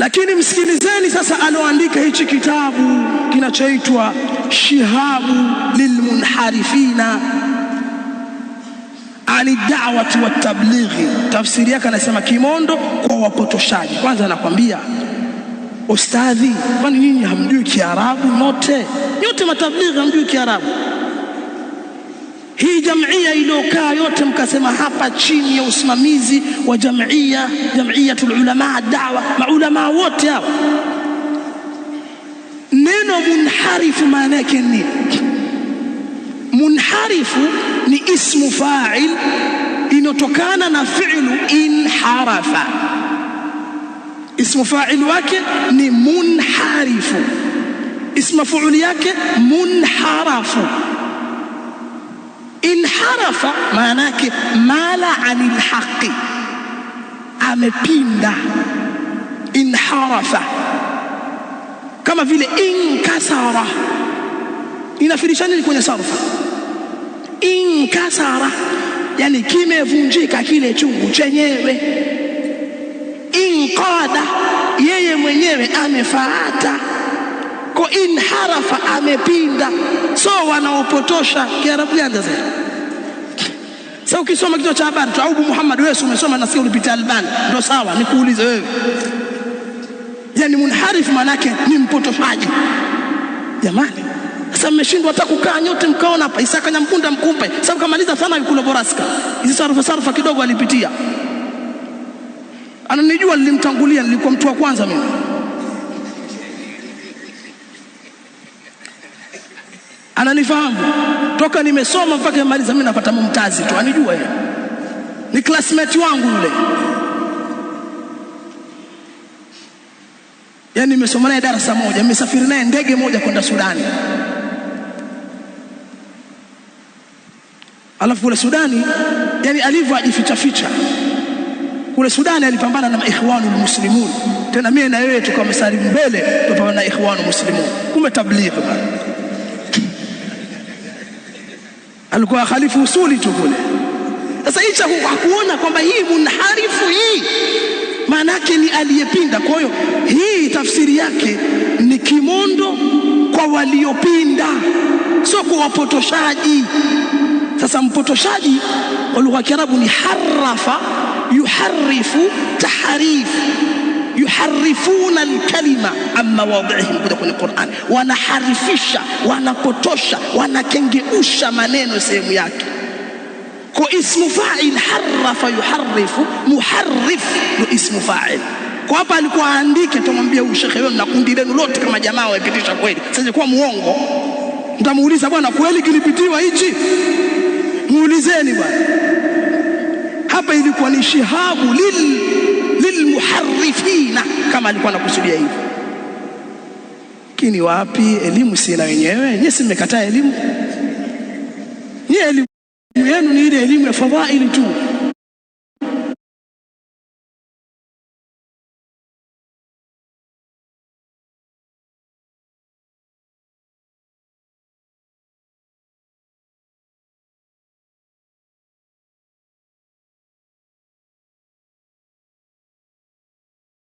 Lakini msikilizeni sasa, aloandika hichi kitabu kinachoitwa Shihabu lilmunharifina ani dawati wa tablighi, tafsiri yake anasema kimondo kwa wapotoshaji. Kwanza anakwambia ustadhi, kwani nyinyi hamjui Kiarabu? Nyote nyote matablighi hamjui Kiarabu? Hii jamia iliyokaa yote mkasema hapa chini ya usimamizi wa jamia jamiatul ulama dawa, maulamaa wote hawa. Neno munharifu maana yake nini? Munharifu ni ismu fa'il inotokana na fi'lu inharafa, ismu fa'il wake ni munharifu, ismu fu'uli yake munharafu Inharafa maana yake mala anil haqi, amepinda. Inharafa kama vile inkasara, inafirishana kwenye sarfa. Inkasara yani kimevunjika kile chungu chenyewe. Inqada yeye mwenyewe amefaata ko inharafa amepinda. So wanaopotosha kiarabu yanza zaidi sasa ukisoma kitabu cha habari tu Aubu Muhammad, wewe umesoma na sio ulipita Albani, ndio sawa. Nikuulize wewe, yani munharifu manake ni mpotoshaji. Jamani, sasa mmeshindwa hata kukaa nyote mkaona hapa Isaka Nyamkunda mkumpe, sababu kamaliza sana vikulo boraska hizi sarufa sarufa kidogo alipitia, ananijua, nilimtangulia, nilikuwa mtu wa kwanza mimi. ananifahamu toka nimesoma mpaka nimaliza, mimi napata mumtazi tu, anijua yeye, ni classmate wangu yule, yaani nimesoma naye darasa moja, nimesafiri naye ndege moja kwenda Sudani. Alafu kule Sudani, yani alivyo ajificha ficha kule Sudani, alipambana na maikhwanu Muslimun. Tena mimi na yeye tukawa msalimu mbele, tupambana na ikhwanu Muslimun, kumbe tablighi bana alikuwa khalifu usuli tu kule. Sasa hicha hakuona kwamba hii munharifu hii maana yake ni aliyepinda. Kwa hiyo hii tafsiri yake ni kimondo kwa waliopinda, sio kwa wapotoshaji. Sasa mpotoshaji kwa lugha ya Kiarabu ni harafa, yuharifu, taharifu yuharifuna alkalima an mawadhihi, kuja kwenye Qur'an, wanaharifisha wanapotosha wanakengeusha maneno sehemu yake. Kwa ismu fa'il harafa yuharifu, muharrif ni ismu fa'il. Kwa hapa alikuwa aandike, tumwambia huyu shekhe wenu na kundi lenu lote, kama jamaa waepitisha kweli, kwa muongo. Mtamuuliza bwana, kweli kilipitiwa hichi? Muulizeni bwana, hapa ilikuwa ni shihabu lil lilmuharifina, kama alikuwa anakusudia hivyo. Lakini wapi, elimu sina wenyewe nyie, si mmekataa elimu? Nyie elimu yenu ni ile elimu ya fadhaili tu.